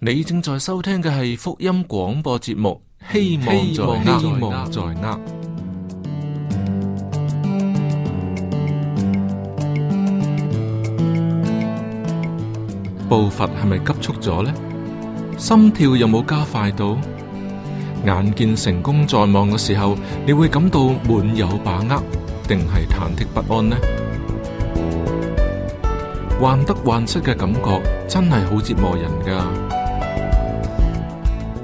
你正在收聽嘅係福音廣播節目，希望在希望在握。步伐係咪急促咗呢？心跳有冇加快到？眼見成功在望嘅時候，你會感到滿有把握，定係忐忑不安呢？患得患失嘅感覺真係好折磨人㗎。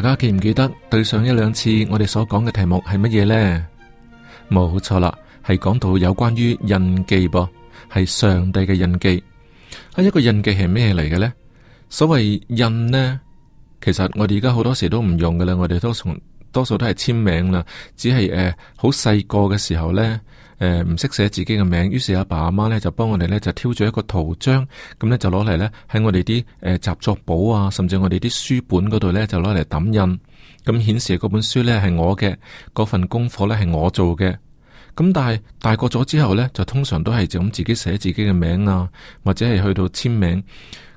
大家記唔記得對上一兩次我哋所講嘅題目係乜嘢呢？冇錯啦，係講到有關於印記噃，係上帝嘅印記。喺一個印記係咩嚟嘅呢？所謂印呢，其實我哋而家好多時都唔用㗎啦，我哋都從多數都係簽名啦，只係誒好細個嘅時候呢。誒，唔識寫自己嘅名，於是阿爸阿媽咧就幫我哋咧就挑咗一個圖章，咁咧就攞嚟咧喺我哋啲誒習作簿啊，甚至我哋啲書本嗰度咧就攞嚟抌印，咁顯示嗰本書咧係我嘅，嗰份功課咧係我做嘅。咁但係大個咗之後咧，就通常都係就咁自己寫自己嘅名啊，或者係去到簽名。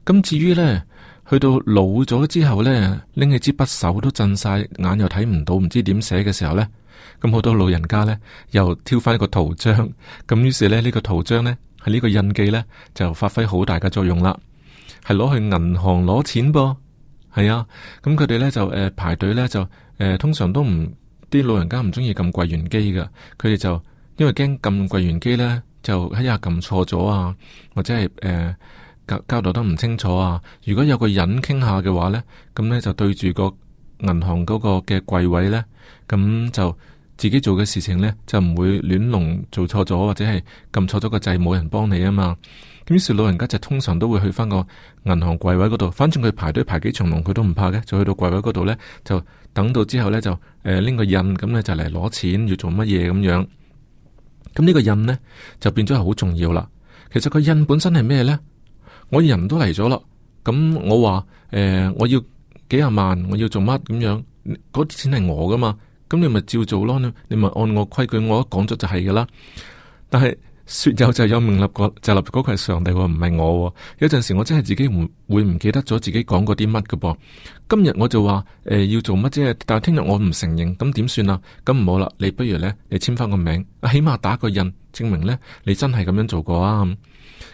咁至於咧，去到老咗之後咧，拎起支筆手都震晒，眼又睇唔到，唔知點寫嘅時候咧。咁好多老人家呢，又挑翻一個圖章，咁於是呢，呢、這個圖章呢，喺、這、呢個印記呢，就發揮好大嘅作用啦。係攞去銀行攞錢噃，係啊，咁佢哋呢，就誒、呃、排隊呢，就誒、呃，通常都唔啲老人家唔中意撳櫃員機噶，佢哋就因為驚撳櫃員機呢，就一下撳錯咗啊，或者係誒交交代得唔清楚啊。如果有個人傾下嘅話呢，咁、嗯、呢，就對住個銀行嗰個嘅櫃位呢，咁、嗯、就。自己做嘅事情呢，就唔會亂龍做錯咗，或者係撳錯咗個掣，冇人幫你啊嘛。咁於是老人家就通常都會去返個銀行櫃位嗰度，反正佢排隊排幾長龍，佢都唔怕嘅，就去到櫃位嗰度呢，就等到之後呢，就誒拎、呃、個印，咁呢就嚟攞錢要做乜嘢咁樣。咁呢個印呢，就變咗係好重要啦。其實個印本身係咩呢？我人都嚟咗啦，咁我話誒、呃、我要幾廿萬，我要做乜咁樣？嗰啲錢係我噶嘛？咁你咪照做咯，你咪按我規矩，我一講咗就係㗎啦。但係說有就有名立過，明立嗰就立嗰塊係上帝，唔係我。有陣時我真係自己會會唔記得咗自己講過啲乜嘅噃。今日我就話誒、呃、要做乜啫，但係聽日我唔承認，咁點算啊？咁唔好啦，你不如呢，你簽翻個名，起碼打個印，證明呢你真係咁樣做過啊。咁，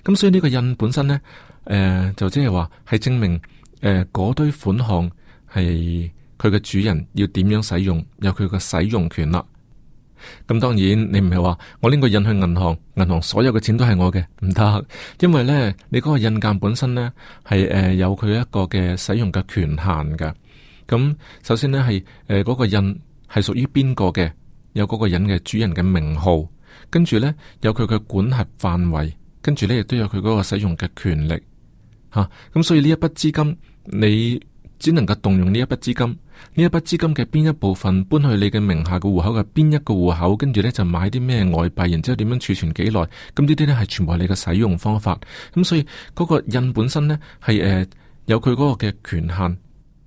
咁所以呢個印本身呢，誒、呃、就即係話係證明誒嗰、呃、堆款項係。佢嘅主人要點樣使用，有佢嘅使用權啦。咁當然，你唔係話我拎個印去銀行，銀行所有嘅錢都係我嘅，唔得。因為呢，你嗰個印鑑本身呢係誒、呃、有佢一個嘅使用嘅權限㗎。咁首先呢係誒嗰個印係屬於邊個嘅，有嗰個人嘅主人嘅名號，跟住呢有佢嘅管轄範圍，跟住呢亦都有佢嗰個使用嘅權力。吓、啊、咁所以呢一筆資金你。只能夠動用呢一筆資金，呢一筆資金嘅邊一部分搬去你嘅名下嘅戶口嘅邊一個戶口，跟住呢就買啲咩外幣，然之後點樣儲存幾耐，咁呢啲呢係全部係你嘅使用方法。咁所以嗰、嗰個印本身呢係誒、呃、有佢嗰個嘅權限，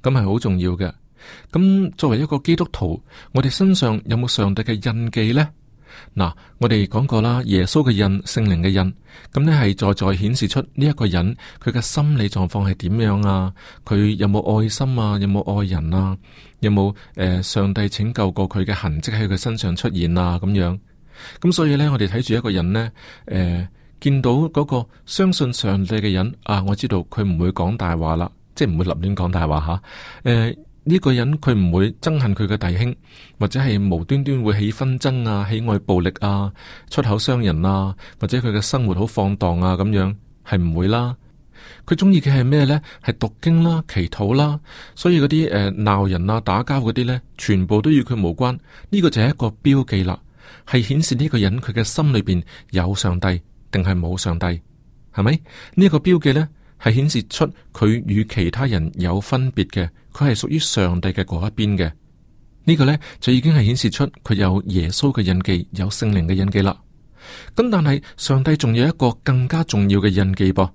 咁係好重要嘅。咁作為一個基督徒，我哋身上有冇上帝嘅印記呢？嗱，我哋講過啦，耶穌嘅印、聖靈嘅印，咁呢係在在顯示出呢一個人佢嘅心理狀況係點樣啊？佢有冇愛心啊？有冇愛人啊？有冇誒？上帝拯救過佢嘅痕跡喺佢身上出現啊？咁樣，咁所以呢，我哋睇住一個人呢，誒，見到嗰個相信上帝嘅人啊，我知道佢唔會講大話啦，即係唔會立亂講大話吓，誒。呢個人佢唔會憎恨佢嘅弟兄，或者係無端端會起紛爭啊，喜愛暴力啊，出口傷人啊，或者佢嘅生活好放蕩啊，咁樣係唔會啦。佢中意嘅係咩呢？係讀經啦、祈禱啦。所以嗰啲誒鬧人啊、打交嗰啲呢，全部都與佢無關。呢個就係一個標記啦，係顯示呢個人佢嘅心裏邊有上帝定係冇上帝，係咪？呢個標記呢，係顯示出佢與其他人有分別嘅。佢係屬於上帝嘅嗰一邊嘅，呢個呢，就已經係顯示出佢有耶穌嘅印記，有聖靈嘅印記啦。咁但係上帝仲有一個更加重要嘅印記噃，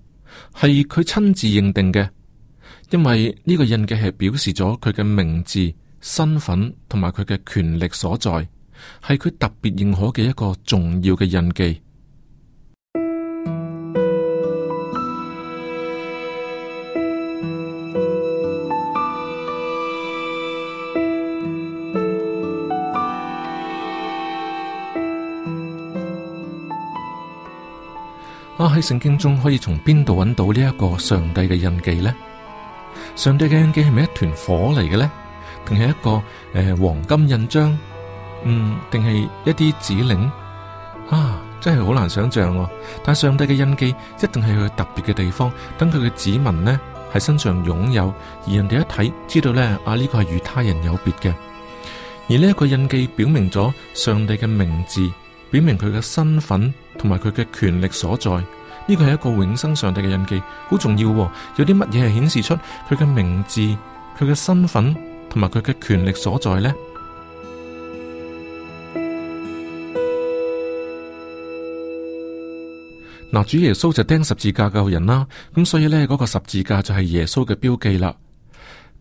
係佢親自認定嘅，因為呢個印記係表示咗佢嘅名字、身份同埋佢嘅權力所在，係佢特別認可嘅一個重要嘅印記。喺聖經中可以從邊度揾到呢一個上帝嘅印記呢？上帝嘅印記係咪一團火嚟嘅呢？定係一個誒、呃、黃金印章？嗯，定係一啲指令啊？真係好難想象哦、啊！但上帝嘅印記一定係佢特別嘅地方，等佢嘅指紋呢喺身上擁有，而人哋一睇知道咧啊呢、呢個係與他人有別嘅，而呢一個印記表明咗上帝嘅名字，表明佢嘅身份同埋佢嘅權力所在。呢個係一個永生上帝嘅印記，好重要。有啲乜嘢係顯示出佢嘅名字、佢嘅身份同埋佢嘅權力所在呢？嗱， 主耶穌就釘十字架救人啦，咁所以呢，嗰個十字架就係耶穌嘅標記啦。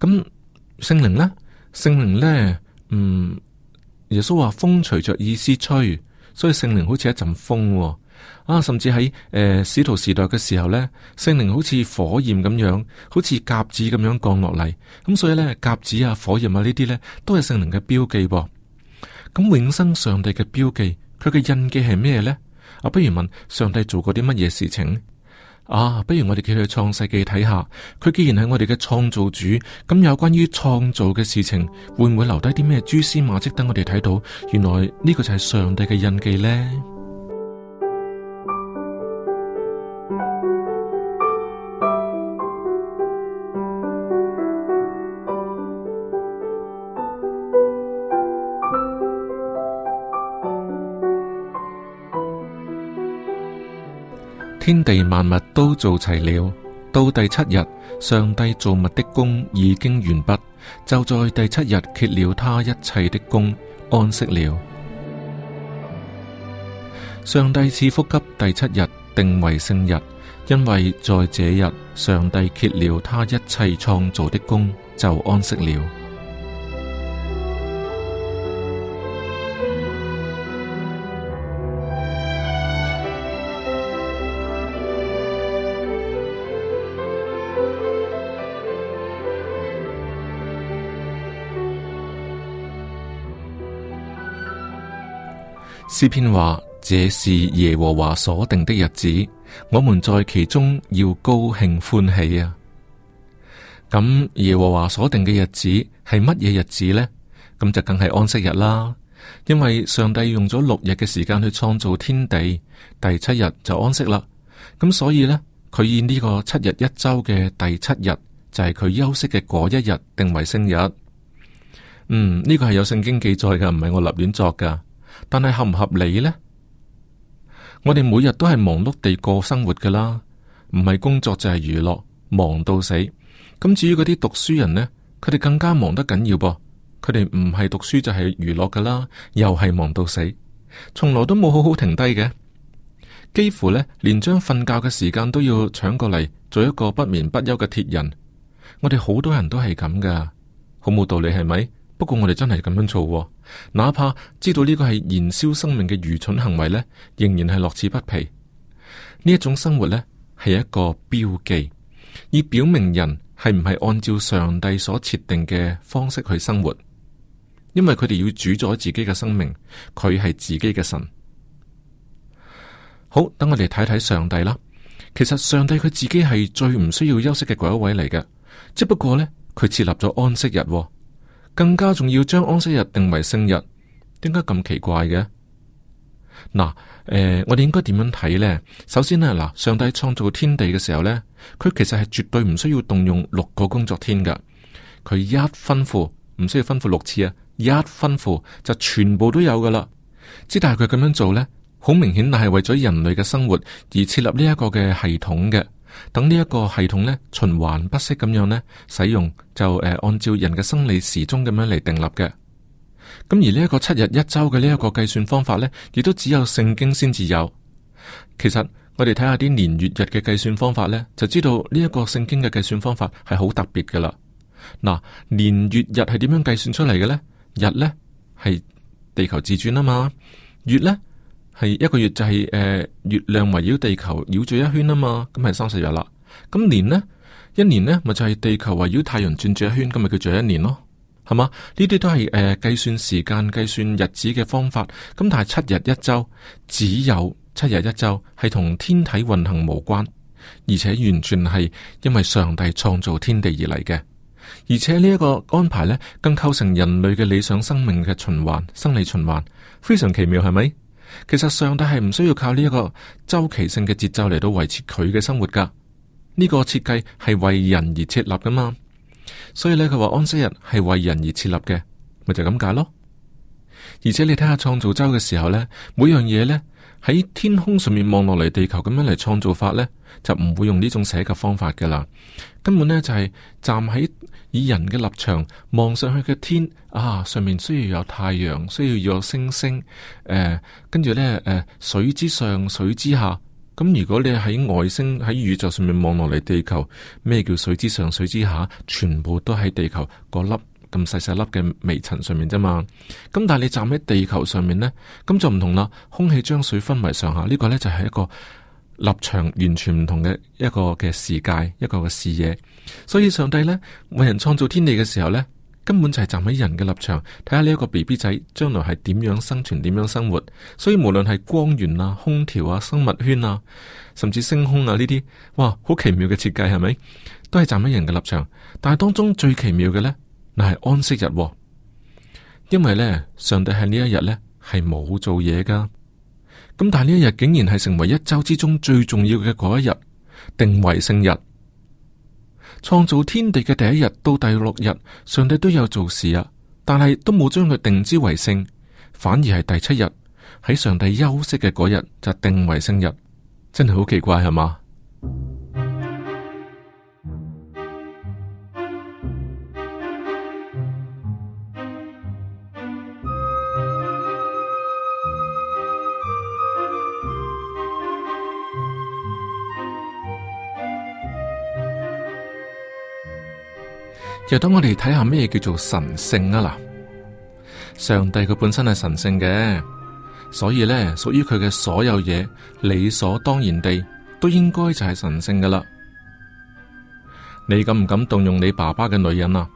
咁聖靈呢？聖靈呢？嗯，耶穌話風隨着意思吹。所以聖靈好似一陣風，哦，啊，甚至喺誒使徒時代嘅時候呢，聖靈好似火焰咁樣，好似鴿子咁樣降落嚟，咁所以呢，鴿子啊火焰啊呢啲呢，都係聖靈嘅標記噃，哦。咁永生上帝嘅標記，佢嘅印記係咩呢？啊，不如問上帝做過啲乜嘢事情？啊，不如我哋企去創世紀睇下，佢既然係我哋嘅創造主，咁有關於創造嘅事情，會唔會留低啲咩蛛絲馬迹等我哋睇到？原來呢個就係上帝嘅印記呢。天地萬物都做齊了，到第七日，上帝造物的工已經完畢，就在第七日歇了他一切的工，安息了。上帝賜福給第七日，定為聖日，因為在這日，上帝歇了他一切創造的工，就安息了。詩篇話：這是耶和華所定的日子，我們在其中要高興歡喜啊！咁耶和華所定嘅日子係乜嘢日子呢？咁就梗係安息日啦。因為上帝用咗六日嘅時間去創造天地，第七日就安息啦。咁所以呢，佢以呢個七日一周嘅第七日就係、是、佢休息嘅嗰一日，定為聖日。嗯，呢、這個係有聖經記載噶，唔係我立亂作噶。但係合唔合理呢？我哋每日都係忙碌地過生活噶啦，唔係工作就係娛樂，忙到死。咁至於嗰啲讀書人呢，佢哋更加忙得緊要噃，佢哋唔係讀書就係娛樂噶啦，又係忙到死，從來都冇好好停低嘅，幾乎呢連將瞓覺嘅時間都要搶過嚟，做一個不眠不休嘅鐵人。我哋好多人都係咁噶，好冇道理係咪？不過我哋真係咁樣做，哦，哪怕知道呢個係燃燒生命嘅愚蠢行為呢，仍然係樂此不疲。呢一種生活呢，係一個標記，以表明人係唔係按照上帝所設定嘅方式去生活。因為佢哋要主宰自己嘅生命，佢係自己嘅神。好，等我哋睇睇上帝啦。其實上帝佢自己係最唔需要休息嘅一位嚟嘅，只不過呢，佢設立咗安息日，哦。更加仲要將安息日定為聖日，點解咁奇怪嘅？嗱，誒、呃，我哋應該點樣睇呢？首先呢，嗱，上帝創造天地嘅時候呢，佢其實係絕對唔需要動用六個工作天㗎，佢一吩咐，唔需要吩咐六次啊，一吩咐就全部都有噶啦。只但係佢咁樣做呢，好明顯係為咗人類嘅生活而設立呢一個嘅系統嘅。等呢一個系統咧循環不息咁樣咧使用就誒、呃、按照人嘅生理時鐘咁樣嚟定立嘅，咁而呢一個七日一周嘅呢一個計算方法呢，亦都只有聖經先至有。其實我哋睇下啲年月日嘅計算方法呢，就知道呢一個聖經嘅計算方法係好特別嘅啦。嗱，年月日係點樣計算出嚟嘅呢？日呢，係地球自轉啊嘛，月呢？係一個月就係、是、誒、呃，月亮圍繞地球繞咗一圈啊嘛，咁係三十日啦。咁年呢？一年呢咪就係、是、地球圍繞太陽轉咗一圈，咁咪叫做一年咯，係嘛？呢啲都係誒計算時間、計算日子嘅方法。咁但係七日一周，只有七日一周係同天體運行無關，而且完全係因為上帝創造天地而嚟嘅。而且呢一個安排呢，更構成人類嘅理想生命嘅循環、生理循環，非常奇妙，係咪？其實上帝係唔需要靠呢一個周期性嘅節奏嚟到維持佢嘅生活噶呢個設計係為人而設立噶嘛，所以呢，佢話安息日係為人而設立嘅，咪就咁解咯。而且你睇下創造周嘅時候呢，每樣嘢呢。喺天空上面望落嚟地球咁樣嚟創造法呢，就唔會用呢種寫嘅方法噶啦。根本呢，就係、是、站喺以人嘅立場望上去嘅天啊，上面需要有太陽，需要有星星。跟、呃、住呢、呃，水之上、水之下。咁如果你喺外星喺宇宙上面望落嚟地球，咩叫水之上、水之下？全部都喺地球、個粒。咁細細粒嘅微塵上面啫嘛，咁但係你站喺地球上面呢，咁就唔同啦。空氣將水分為上下呢個呢就係一個立場完全唔同嘅一個嘅世界，一個嘅視野。所以上帝呢，為人創造天地嘅時候呢，根本就係站喺人嘅立場睇下呢一個 BB 仔將來係點樣生存，點樣生活。所以無論係光源啊、空調啊、生物圈啊，甚至星空啊呢啲，哇，好奇妙嘅設計係咪？都係站喺人嘅立場，但係當中最奇妙嘅呢。那係安息日啊，因為呢，上帝喺呢一日呢，係冇做嘢噶。咁但係呢一日竟然係成為一周之中最重要嘅嗰一日，定為聖日。創造天地嘅第一日到第六日，上帝都有做事啊，但係都冇將佢定之為聖，反而係第七日喺上帝休息嘅嗰日就定為聖日，真係好奇怪係嘛？又等我哋睇下咩叫做神聖啊！嗱，上帝佢本身係神聖嘅，所以呢，屬於佢嘅所有嘢，理所當然地都應該就係神聖噶啦。你敢唔敢動用你爸爸嘅女人啊？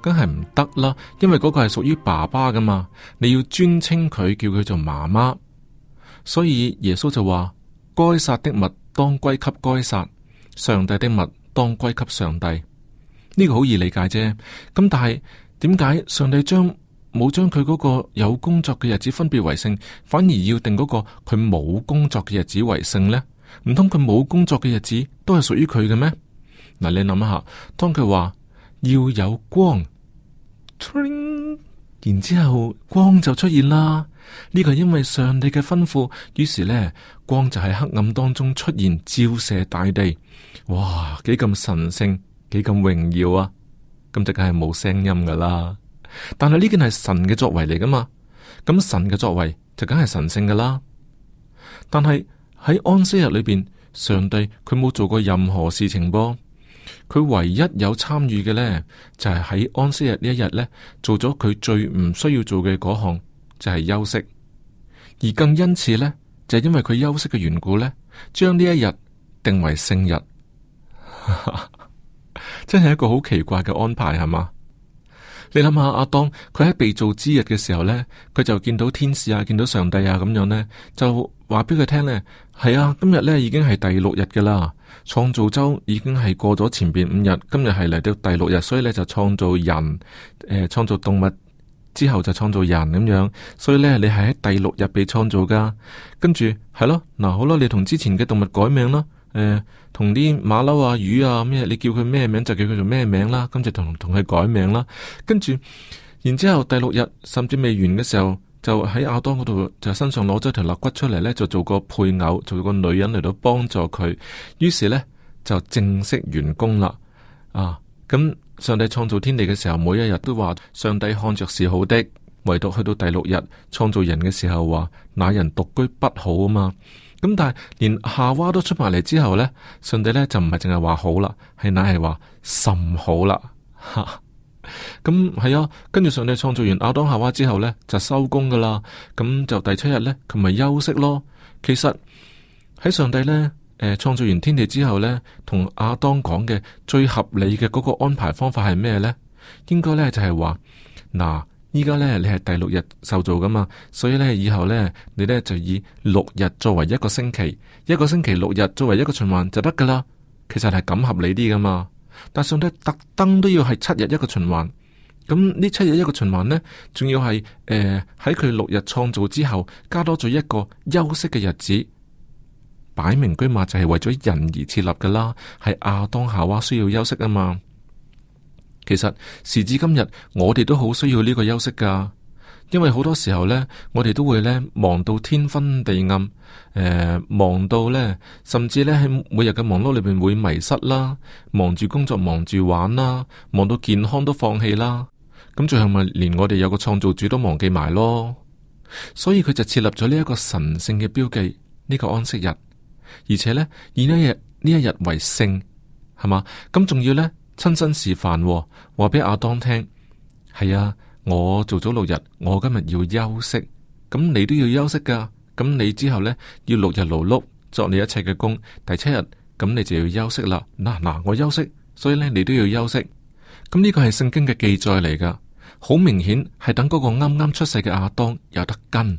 梗係唔得啦，因為嗰個係屬於爸爸噶嘛，你要尊稱佢叫佢做媽媽。所以耶穌就話：該撒的物當歸給該撒，上帝的物當歸給上帝。呢個好易理解啫，咁但係點解上帝將冇將佢嗰個有工作嘅日子分別為聖，反而要定嗰個佢冇工作嘅日子為聖呢？唔通佢冇工作嘅日子都係屬於佢嘅咩？嗱，你諗下，當佢話要有光，然之後光就出現啦。呢個係因為上帝嘅吩咐，於是呢，光就喺黑暗當中出現，照射大地。哇，幾咁神聖！幾咁榮耀啊！咁就梗係冇聲音噶啦。但係呢件係神嘅作為嚟噶嘛？咁神嘅作為就梗係神聖噶啦。但係喺安息日裏邊，上帝佢冇做過任何事情噃。佢唯一有參與嘅呢，就係喺安息日呢一日呢做咗佢最唔需要做嘅嗰項，就係休息。而更因此呢，就係因為佢休息嘅緣故呢，將呢一日定為聖日。 真係一個好奇怪嘅安排，係嘛？你諗下，阿當佢喺被造之日嘅時候呢，佢就見到天使啊，見到上帝啊，咁樣呢，就話俾佢聽呢，係啊，今日呢已經係第六日噶啦，創造周已經係過咗前邊五日，今日係嚟到第六日，所以呢，就創造人，誒、呃，創造動物之後就創造人咁樣，所以呢，你係喺第六日被創造噶，跟住係咯，嗱好啦，你同之前嘅動物改名啦。誒，同啲馬騮啊、魚啊咩，你叫佢咩名就叫佢做咩名啦，跟住同同佢改名啦，跟住，然之後第六日甚至未完嘅時候，就喺亞當嗰度就身上攞咗條肋骨出嚟呢，就做個配偶，做個女人嚟到幫助佢。於是呢，就正式完工啦。啊，咁、嗯、上帝創造天地嘅時候，每一日都話上帝看着是好的，唯獨去到第六日創造人嘅時候話，那人獨居不好啊嘛。咁但係連夏娃都出埋嚟之後呢，上帝呢就唔係淨係話好啦，係乃係話甚好啦，吓。咁係啊，跟住上帝創造完亞當夏娃之後呢，就收工噶啦。咁就第七日呢，佢咪休息咯。其實喺上帝呢誒，創造完天地之後呢，同亞當講嘅最合理嘅嗰個安排方法係咩呢？應該呢，就係話嗱。依家呢，你係第六日受造噶嘛，所以呢，以後呢，你呢，就以六日作為一個星期，一個星期六日作為一個循環就得噶啦。其實係咁合理啲噶嘛。但上帝特登都要係七日一個循環，咁呢七日一個循環呢，仲要係誒喺佢六日創造之後加多咗一個休息嘅日子，擺明居馬就係為咗人而設立噶啦，係亞當夏娃需要休息啊嘛。其實時至今日，我哋都好需要呢個休息噶，因為好多時候呢，我哋都會呢，忙到天昏地暗，誒、呃，忙到呢，甚至呢，喺每日嘅忙碌裏邊會迷失啦，忙住工作，忙住玩啦，忙到健康都放棄啦，咁最後咪連我哋有個創造主都忘記埋咯，所以佢就設立咗呢一個神聖嘅標記，呢、呢個安息日，而且呢，以呢一,一日為聖，係嘛，咁仲要呢？親身示範，話俾阿當聽。係啊，我做咗六日，我今日要休息。咁你都要休息噶。咁你之後呢，要六日勞碌作你一切嘅工，第七日，咁你就要休息啦。嗱、啊、嗱、啊，我休息，所以呢，你都要休息。咁呢個係聖經嘅記載嚟噶，好明顯係等嗰個啱啱出世嘅阿當有得跟。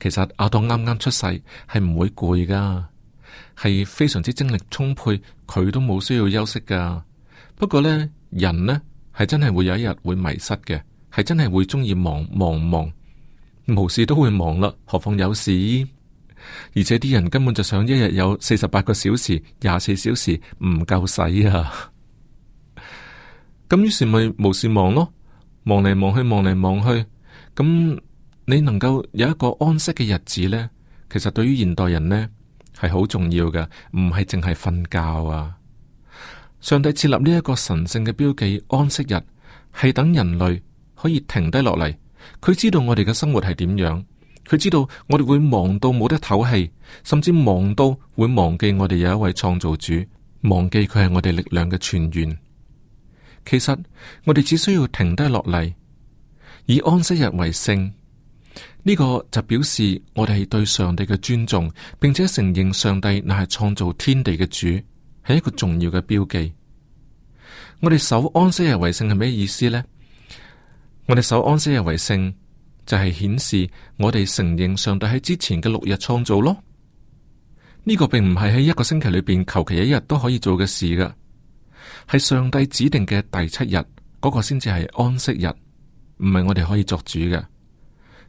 其實阿當啱啱出世，係唔會攰噶，係非常之精力充沛，佢都冇需要休息噶。不過呢，人呢係真係會有一日會迷失嘅，係真係會中意忙忙忙，無事都會忙啦，何況有事，而且啲人根本就想一日有四十八個小時，廿四小時唔夠使啊！咁 於是咪無事忙咯，忙嚟忙去，忙嚟忙去，咁你能夠有一個安息嘅日子呢？其實對於現代人呢，係好重要嘅，唔係淨係瞓覺啊。上帝設立呢一個神聖嘅標記安息日，係等人類可以停低落嚟。佢知道我哋嘅生活係點樣，佢知道我哋會忙到冇得唞氣，甚至忙到會忘記我哋有一位創造主，忘記佢係我哋力量嘅泉源。其實我哋只需要停低落嚟，以安息日為聖，呢、這個就表示我哋係對上帝嘅尊重，並且承認上帝乃係創造天地嘅主。係一個重要嘅標記。我哋守安息日為聖係咩意思呢？我哋守安息日為聖就係、是、顯示我哋承認上帝喺之前嘅六日創造咯。呢、這個並唔係喺一個星期裏邊求其一日都可以做嘅事噶，係上帝指定嘅第七日嗰、那個先至係安息日，唔係我哋可以作主嘅。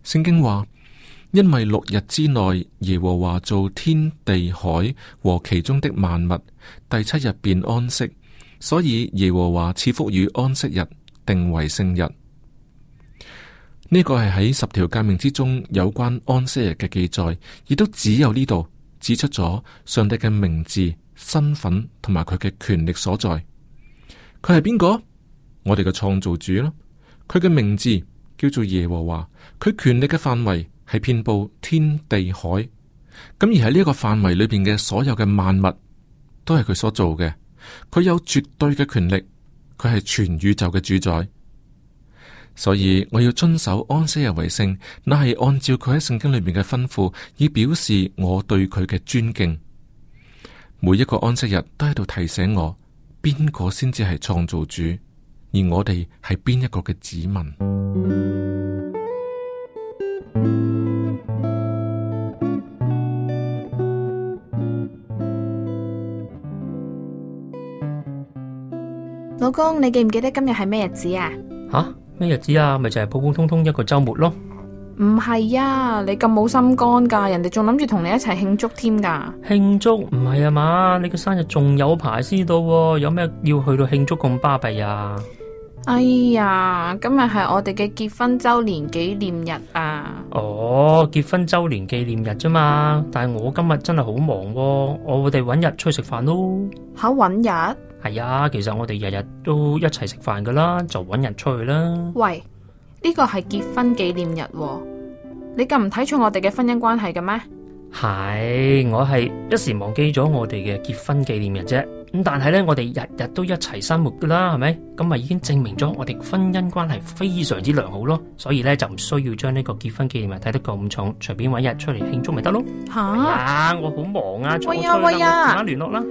聖經話。因為六日之內，耶和華造天地海和其中的萬物，第七日便安息，所以耶和華賜福與安息日，定為聖日。呢個係喺十條誡命之中有關安息日嘅記載，亦都只有呢度指出咗上帝嘅名字、身份同埋佢嘅權力所在。佢係邊個？我哋嘅創造主啦。佢嘅名字叫做耶和華，佢權力嘅範圍。係遍布天地海，咁而喺呢一個範圍裏邊嘅所有嘅萬物，都係佢所做嘅。佢有絕對嘅權力，佢係全宇宙嘅主宰。所以我要遵守安息日為聖，乃係按照佢喺聖經裏面嘅吩咐，以表示我對佢嘅尊敬。每一個安息日都喺度提醒我，邊個先至係創造主，而我哋係邊一個嘅子民。老公，你記唔記得今日係咩日子啊？吓？咩日子啊？咪就係普普通通一個周末咯。唔係啊，你咁冇心肝噶，人哋仲諗住同你一齊慶祝添噶。慶祝唔係啊嘛，你個生日仲有排先到，有咩要去到慶祝咁巴閉啊？哎呀，今日係我哋嘅結婚周年紀念日啊！哦，結婚周年紀念日啫嘛，但係我今日真係好忙，我哋搵日出去食飯咯。吓，搵日？係啊，其實我哋日日都一齊食飯噶啦，就揾人出去啦。喂，呢個係結婚紀念日喎，你咁唔睇重我哋嘅婚姻關係嘅咩？係，我係一時忘記咗我哋嘅結婚紀念日啫。咁但係呢，我哋日日都一齊生活噶啦，係咪？咁咪已經證明咗我哋婚姻關係非常之良好咯。所以呢，就唔需要將呢個結婚紀念日睇得咁重，隨便揾日出嚟慶祝咪得咯。吓哈、哎，我好忙啊，喂啊呀，出出喂啊呀，他聯絡啦。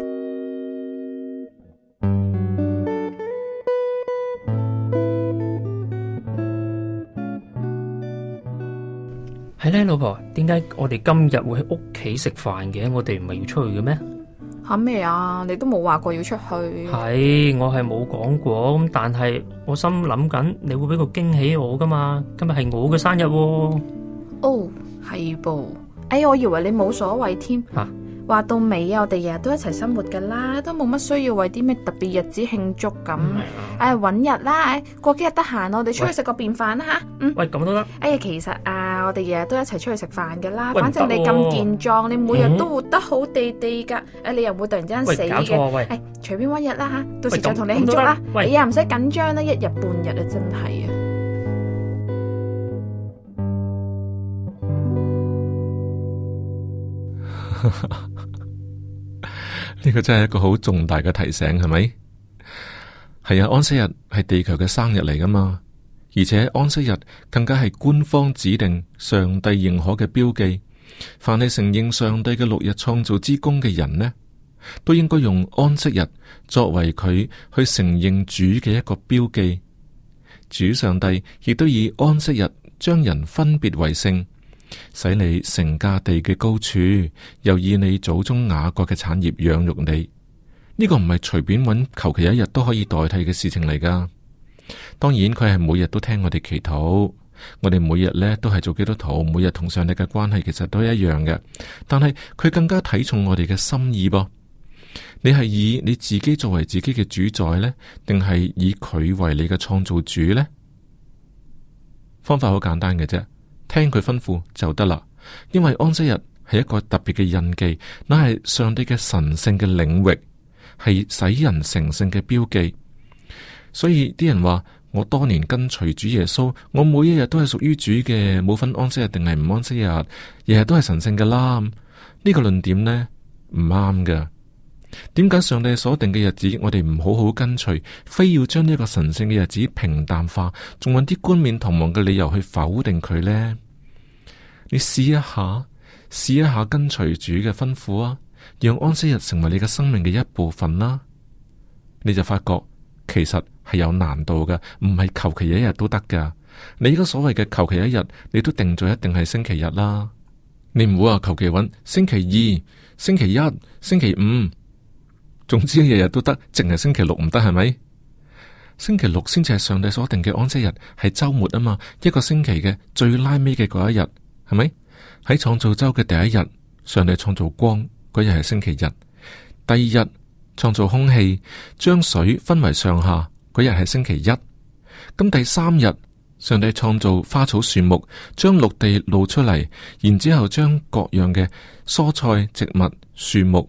老婆，點解我哋今日會喺屋企食飯嘅？我哋唔係要出去嘅咩？喊咩啊？你都冇話過要出去。係，我係冇講過，咁但係我心諗緊，你會俾個驚喜我噶嘛？今日係我嘅生日啊。哦，係噃。哎，我以為你冇所謂添。啊話到尾啊，我哋日日都一齊生活噶啦，都冇乜需要為啲咩特別日子慶祝咁。啊、哎，揾日啦，過幾日得閒，我哋出去食個便飯啦吓。嗯，喂，咁都得。哎呀，其實啊，我哋日日都一齊出去食飯噶啦，啊、反正你咁健壯，你每日都活得好地地噶。哎、嗯，你又唔會突然之間死嘅。喂，搞錯喂、哎、隨便揾日啦吓，到時再同你慶祝啦。喂哎又唔使緊張啦，一日半日啊，真係啊。呢 個真係一個好重大嘅提醒，係咪？係啊，安息日係地球嘅生日嚟噶嘛？而且安息日更加係官方指定、上帝認可嘅標記。凡係承認上帝嘅六日創造之功嘅人呢，都應該用安息日作為佢去承認主嘅一個標記。主上帝亦都以安息日將人分別為聖。使你成家地嘅高處，又以你祖宗雅各嘅產業養育你，呢個唔係隨便揾求其一日都可以代替嘅事情嚟噶。當然佢係每日都聽我哋祈禱，我哋每日呢都係做基督徒，每日同上帝嘅關係其實都一樣嘅。但係佢更加睇重我哋嘅心意噃。你係以你自己作為自己嘅主宰呢？定係以佢為你嘅創造主呢？方法好簡單嘅啫。聽佢吩咐就得啦，因為安息日係一個特別嘅印記，乃係上帝嘅神聖嘅領域，係使人成聖嘅標記。所以啲人話我多年跟隨主耶穌，我每一日都係屬於主嘅，冇分安息日定係唔安息日，日日都係神聖嘅。咁、這、呢個論點呢唔啱㗎。點解上帝所定嘅日子我哋唔好好跟隨，非要將呢一個神聖嘅日子平淡化，仲揾啲冠冕堂皇嘅理由去否定佢呢？你試一下，試一下跟隨主嘅吩咐啊，讓安息日成為你嘅生命嘅一部分啦。你就發覺其實係有難度嘅，唔係求其一日都得㗎。你依家所謂嘅求其一日，你都定咗一定係星期日啦。你唔好話求其揾星期二、星期一、星期五，總之日日都得，淨係星期六唔得，係咪？星期六先至係上帝所定嘅安息日，係周末啊嘛，一個星期嘅最拉尾嘅嗰一日。係咪喺創造周嘅第一日，上帝創造光，嗰日係星期日。第二日創造空氣，將水分為上下，嗰日係星期一。咁第三日，上帝創造花草樹木，將陸地露出嚟，然之後將各樣嘅蔬菜、植物、樹木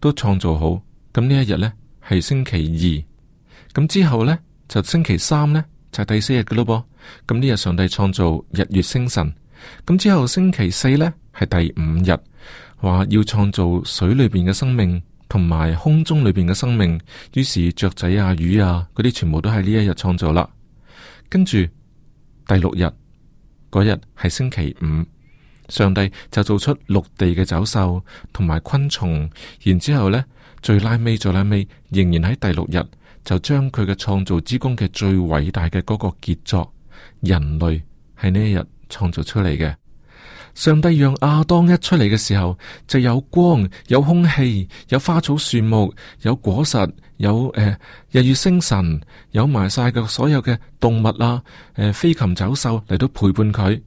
都創造好。咁呢一日呢，係星期二。咁之後呢，就星期三呢，就係第四日嘅咯噃。噉呢日上帝創造日月星辰。咁之後，星期四呢，係第五日，話要創造水裏邊嘅生命同埋空中裏邊嘅生命。於是雀仔啊、魚啊嗰啲，全部都喺呢一日創造啦。跟住第六日嗰日係星期五，上帝就做出陸地嘅走獸同埋昆蟲。然之後呢，最拉尾最拉尾，仍然喺第六日就將佢嘅創造之功嘅最偉大嘅嗰個傑作人類係呢一日創造出嚟嘅，上帝讓亞當一出嚟嘅時候就有光、有空氣、有花草樹木、有果實、有誒、呃、日月星辰、有埋晒嘅所有嘅動物啦、啊、誒、呃、飛禽走獸嚟到陪伴佢，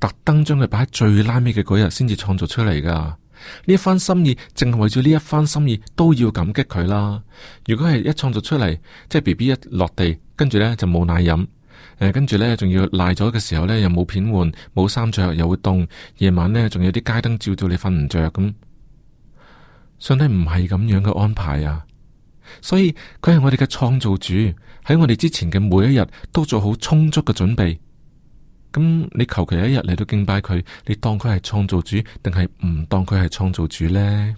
特登將佢擺喺最拉尾嘅嗰日先至創造出嚟噶。呢一番心意，淨係為咗呢一番心意，都要感激佢啦。如果係一創造出嚟，即係 B B 一落地，跟住咧就冇奶飲。誒，跟住呢，仲要賴咗嘅時候呢，又冇片換，冇衫着，又會凍。夜晚呢，仲有啲街燈照到你瞓唔着咁。上帝唔係咁樣嘅安排啊！所以佢係我哋嘅創造主，喺我哋之前嘅每一日都做好充足嘅準備。咁你求其一日嚟到敬拜佢，你當佢係創造主，定係唔當佢係創造主呢？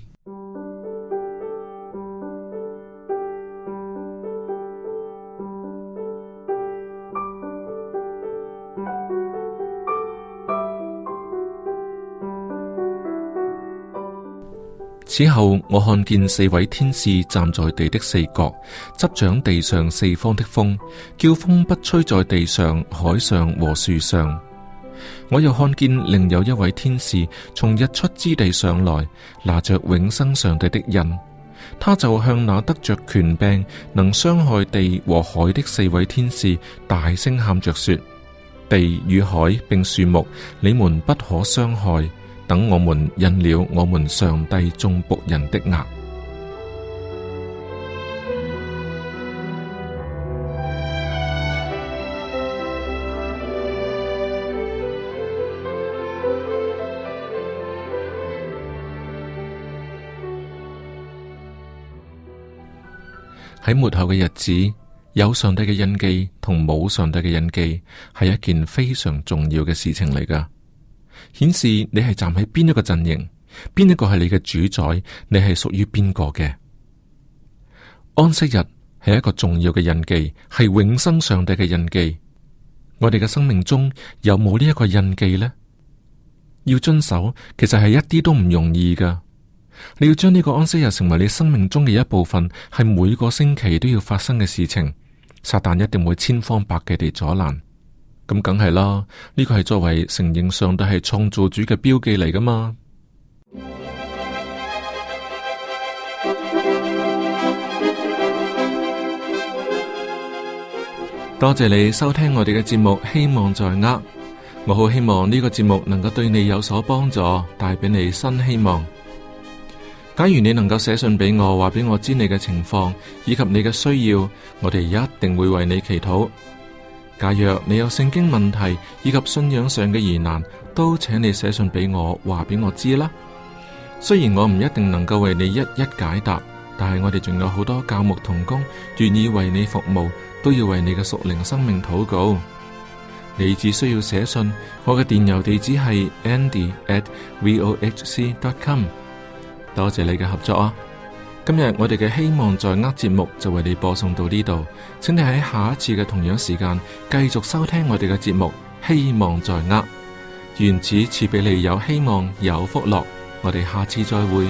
此後，我看見四位天使站在地的四角，執掌地上四方的風，叫風不吹在地上、海上和樹上。我又看見另有一位天使從日出之地上來，拿着永生上帝的印，他就向那得着權柄能傷害地和海的四位天使大聲喊着說：地與海並樹木，你們不可傷害。等我們印了我們上帝眾僕人的額。喺末後嘅日子，有上帝嘅印記同冇上帝嘅印記，係一件非常重要嘅事情嚟㗎。顯示你係站喺邊一個陣營，邊一個係你嘅主宰，你係屬於邊個嘅？安息日係一個重要嘅印記，係永生上帝嘅印記。我哋嘅生命中有冇呢一個印記呢？要遵守，其實係一啲都唔容易㗎。你要將呢個安息日成為你生命中嘅一部分，係每個星期都要發生嘅事情。撒旦一定會千方百計地阻攔。咁梗係啦，呢個係作為承認上帝係創造主嘅標記嚟噶嘛。多謝你收聽我哋嘅節目，希望在握。我好希望呢個節目能夠對你有所幫助，帶俾你新希望。假如你能夠寫信俾我，話俾我知你嘅情況以及你嘅需要，我哋一定會為你祈禱。假若你有聖經問題以及信仰上嘅疑難，都請你寫信俾我，話俾我知啦。雖然我唔一定能夠為你一一解答，但係我哋仲有好多教牧同工願意為你服務，都要為你嘅屬靈生命禱告。你只需要寫信，我嘅電郵地址係 andy at vohc dot com。多謝你嘅合作啊！今日我哋嘅希望在握節目就為你播送到呢度，請你喺下一次嘅同樣時間繼續收聽我哋嘅節目。希望在握，願主賜俾你有希望、有福樂。我哋下次再會。